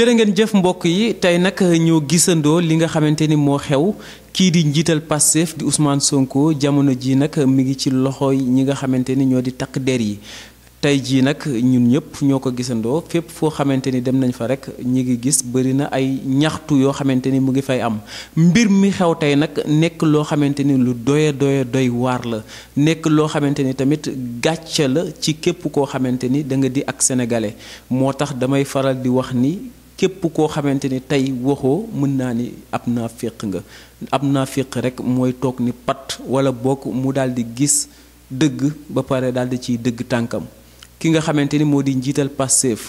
jërë ngeen jëf mbokk yi tey nag ñoo gisandoo li nga xamante ni moo xew kii di njiital Pastef di Ousmane Sonko jamono ji nag mi ngi ci loxo ñi nga xamante ni ñoo di takk der yi tey jii nag ñun ñëpp ñoo ko gisandoo fépp foo xamante ni dem nañ fa rek ñi ngi gis bëri na ay ñaxtu yoo xamante ni mu ngi fay am mbir mi xew tey nag nekk loo xamante ni lu doya doya doy waar la nekk loo xamante ni tamit gàcce la ci képp koo xamante ni da di ak sénégalais moo tax damay faral di wax ni képp koo xamante ni tey waxoo mën naa ni ab naa féq nga ab naa féq rek mooy toog ni patt wala bokk mu daal di gis dëgg ba pare daal di ciy dëgg tànkam ki nga xamante ni moo di njiital Pastef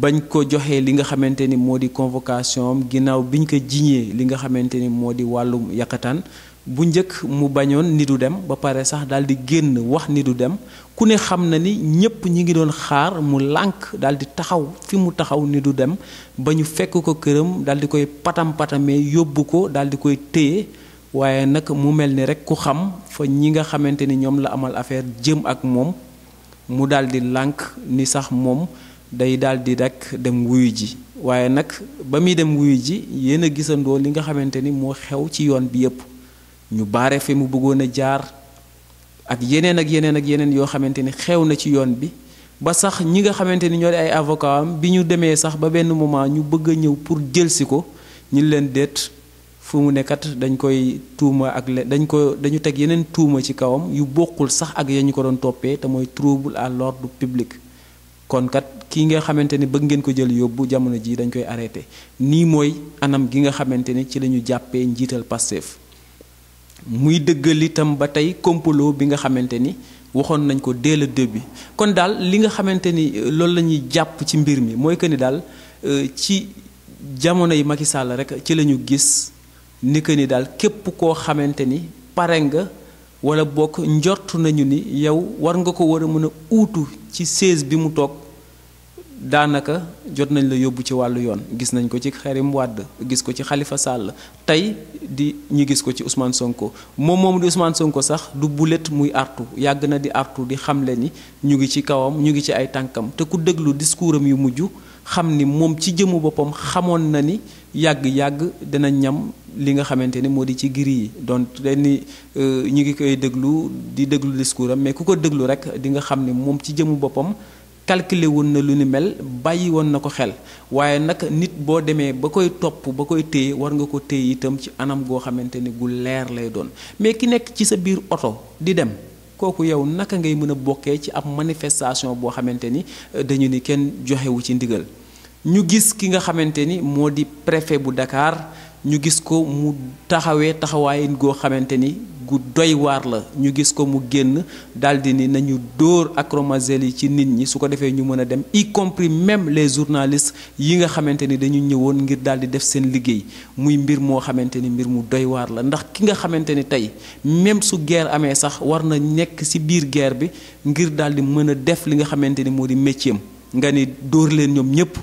bañ ko joxee li nga xamante ni moo di convocation am ginnaaw biñ ko jiñee li nga xamante ni moo di wàllum yàqataan bu ñëk mu bañoon ni du dem ba paré sax dal di génn wax ni du dem ku ne xam na ni ñëpp ñi ngi doon xaar mu lank dal di taxaw fi mu taxaw ni du dem ba ñu fekk ko këram dal di koy patam patamé yobbu ko dal di koy téye waaye nak mu mel ni rek ku xam fa ñi nga xamante ni ñoom la amal affaire jëm ak moom mu dal di lank ni sax moom day dal di rek dem wuyu ji waaye nag ba muy dem wuyu ji yéen a gisandoo li nga xamante ni moo xew ci yoon bi yépp ñu baare fi mu bëggoon a jaar ak yeneen ak yeneen ak yeneen yoo xamante ni xew na ci yoon bi ba sax ñi nga xamante ni ñoo di ay avocat am bi ñu demee sax ba benn moment ñu bëgg a ñëw pour jëlsi ko ñu leen déet fu mu nekkat dañ koy tuuma ak le dañ ko dañu teg yeneen tuuma ci kawam yu bokkul sax ak ya ñu ko doon toppee te mooy trouble à l'ordre public kon kat kii nga xamante ni bëgg ngeen ko jël yóbbu jamono jii dañ koy arrêté nii mooy anam gi nga xamante ni ci la jàppee njiital Pastef muy dëggal itam ba tey complot bi nga xamante ni waxoon nañ ko dès le début kon daal li nga xamante ni euh, loolu la ñuy jàpp ci mbir mi mooy que ni daal euh, ci jamono yi Macky Sall rek ci la ñu gis ni que ni daal képp koo xamante ni pare nga wala bokk njort nañu ni yow war nga ko war a mën a uutu ci siège bi mu toog. daanaka jot nañ la yóbbu ci wàllu yoon gis nañ ko ci Karim Wade gis ko ci xalifa sàll tey di ñu gis ko ci usmaan Sonko moom moom di Ousmane Sonko sax du bulet muy artu yàgg na di artu di xamle ni ñu ngi ci kawam ñu ngi ci ay tànkam te ku déglu discours am yu mujj xam ni moom ci jëmu boppam xamoon na ni yàgg-yàgg dina ñam li nga xamante ni moo di ci giri yi donc ni euh, ñu ngi koy déglu di déglu discours am mais ku ko déglu rek di nga xam ni moom ci jëmu boppam calculer woon na lu ni mel bàyyi woon na ko xel waaye nag nit boo demee ba koy topp ba koy téye war nga ko téye itam ci anam goo xamante ni gu leer lay doon mais ki nekk ci sa biir oto di dem kooku yow naka ngay mën a bokkee ci ab manifestation boo xamante ni euh, dañu ni kenn joxewu ci ndigal ñu gis ki nga xamante ni moo di préfé bu dakaar ñu gis ko mu taxawee taxawaay goo xamante ni gu doy waar la ñu gis ko mu génn daldi ni nañu dóor acromazelle yi ci nit ñi su ko defee ñu mën a dem y compris même les journalistes yi nga xamante ni dañu ñëwoon ngir daldi def seen liggéey muy mbir moo xamante ni mbir mu doy waar la ndax ki nga xamante ni tey même su guerre amee sax war na nekk ci biir guerre bi ngir daldi mën a def li nga xamante ni moo di métier nga ni dóor leen ñoom ñépp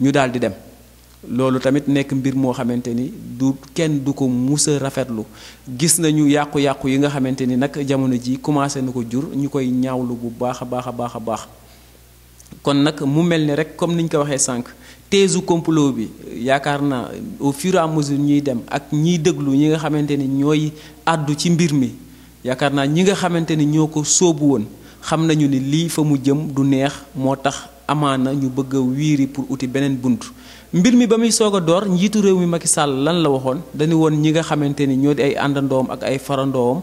ñu daldi dem loolu tamit nekk mbir moo xamante ni du kenn du ko musa rafetlu gis nañu yàqu-yàqu yi nga xamante ni nag jamono ji commencé na ko jur ñu koy ñaawlu bu baax a baax a baax a baax kon nag mu mel ni rek comme niñ ko waxee sànq teesu complot bi yaakaar naa au fur et à ñuy dem ak ñiy déglu ñi nga xamante ni ñooy àddu ci mbir mi yaakaar naa ñi nga xamante ni ñoo ko sóobu woon xam nañu ni lii fa mu jëm du neex moo tax amaana ñu bëgg a wiiri pour uti beneen bunt mbir mi ba muy soog a door njiitu réew mi Macky sàll lan la waxoon dañu woon ñi nga xamante ni ñoo di ay àndandoom ak ay farandoom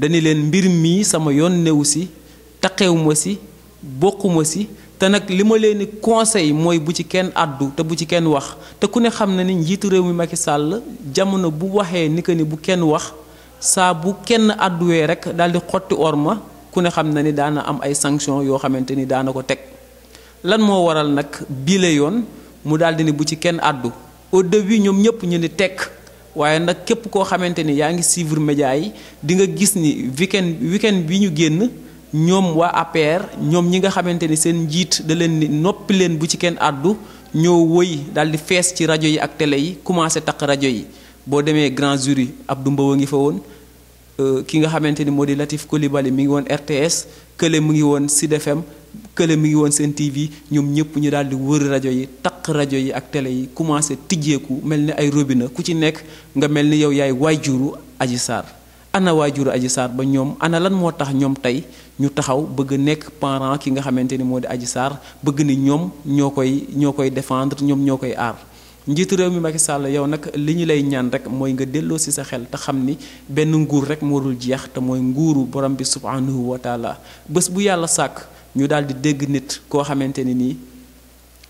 dañu leen mbir mii sama yoon newu si taqewuma si bokkuma si te nag li ma leen conseil mooy bu ci kenn àddu te bu ci kenn wax te ku ne xam na ni njiitu réew mi Macky sàll jamono bu waxee ni que ni bu kenn wax saa bu kenn àdduwee rek daal di xotti or ma ku ne xam na ni daana am ay sanctions yoo xamante ni daana ko teg. lan moo waral nag bile yoon mu daal di ne bu ci kenn àddu au début ñoom ñëpp ñu ni tekk waaye nag képp koo xamante ni yaa ngi suivre média yi di nga gis ni weekend weekend bi ñu génn ñoom waa APR ñoom ñi nga xamante ni seen njiit da leen ni noppi leen bu ci kenn àddu ñoo wëy daal di fees ci rajo yi ak tele yi commencé taq rajo yi boo demee grand jury ab Mbow a ngi fa woon euh, ki nga xamante ni moo di Latif Coulibaly mi ngi woon RTS Kële mu ngi woon Sud kële mi ngi woon seen TV ñoom ñëpp ñu daal di wër rajo yi taq rajo yi ak télé yi commencé tijjeeku mel ni ay robine ku ci nekk nga mel ni yow yaay waajuru Adji Sarr ana waajuru Adji Sarr ba ñoom ana lan moo tax ñoom tey ñu taxaw bëgg nekk parent ki nga xamante ni moo di Adji Sarr bëgg ni ñoom ñoo koy ñoo koy défendre ñoom ñoo koy aar njiitu réew mi Macky Sall yow nag li ñu lay ñaan rek mooy nga delloo si sa xel te xam ni benn nguur rek moo dul jeex te mooy nguuru borom bi subhanahu wa bés bu yàlla sàkk ñu daal di dégg nit koo xamante ni nii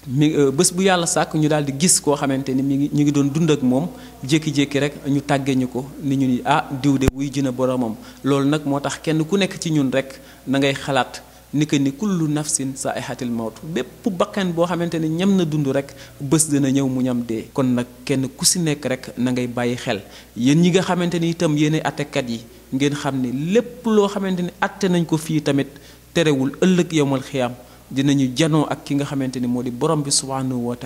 mi euh, bés bu yàlla sàkk ñu daal di gis koo xamante ni mi ngi ñu ngi doon dund ak moom jékki-jékki rek ñu tàggee ñu ko ni ñu ni ah diwde de wuy jina boromam loolu nag moo tax kenn ku nekk ci ñun rek na ngay xalaat. ni que ni kullu nafsin saa'ihatil mawt bépp bakkan boo xamante ne ñam na dund rek bés dina ñëw mu ñam dee. kon nag kenn ku si nekk rek na ngay bàyyi xel yéen ñi nga xamante ni itam yéen attekat yi ngeen xam ne lépp loo xamante ni atte nañ ko fii tamit terewul ëllëg yowmal xiyaam dinañu janoo ak ki nga xamante ni moo di borom bi subhanahu wa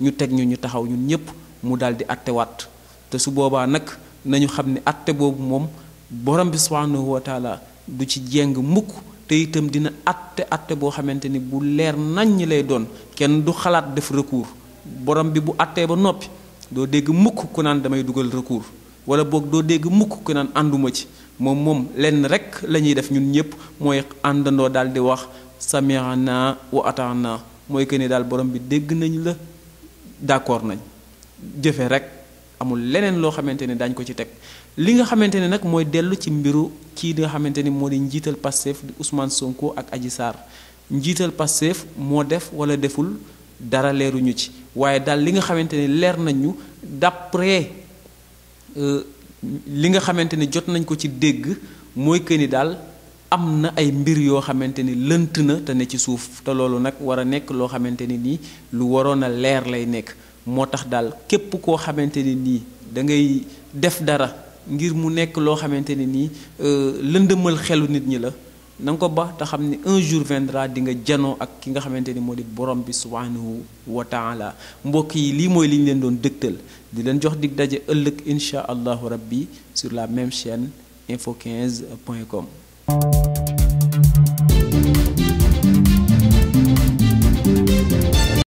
ñu teg ñu ñu taxaw ñun ñëpp mu daal di attewaat te su boobaa nag nañu xam ne atte boobu moom borom bi subhanahu wa taala du ci jéng mukk te itam dina atte atte boo xamante ni bu leer naññ lay doon kenn du xalaat def recours borom bi bu attee ba noppi doo dégg mukk ku naan damay dugal recours wala boog doo dégg mukk ku naan ànduma ci moom moom lenn rekk lañuy def ñun ñëpp mooy àndandoo daal di wax sami'na wa ata'na mooy que ni daal borom bi dégg nañ la d'accord nañ jëfe rekk amul leneen loo xamante ne daañu ko ci teg li nga xamante ne nag mooy dellu ci mbiru kii nga xamante ni moo di njiital Pastef di Ousmane Sonko ak Adji saar njiital Pastef moo def wala deful dara leeruñu ci waaye daal li nga xamante ne leer nañu d'après euh, li nga xamante ne jot nañ ko ci dégg mooy que ni daal. am na ay mbir yoo xamante ni lënt na te ne ci suuf te loolu nag war a nekk loo xamante ni nii lu waroon a leer lay nekk moo tax daal képp koo xamante ne nii da ngay def dara ngir mu nekk loo xamante ni nii euh, lëndëmal xelu nit ñi la na nga ko ba te xam ne un jour viendra di nga janoo ak ki nga xamante ni moo di borom bi subhanahu wa taala mbokk yi lii mooy liñ leen doon dëgtal di leen jox di daje ëllëg incha allahu rabbi sur la même chaîne info 15 point com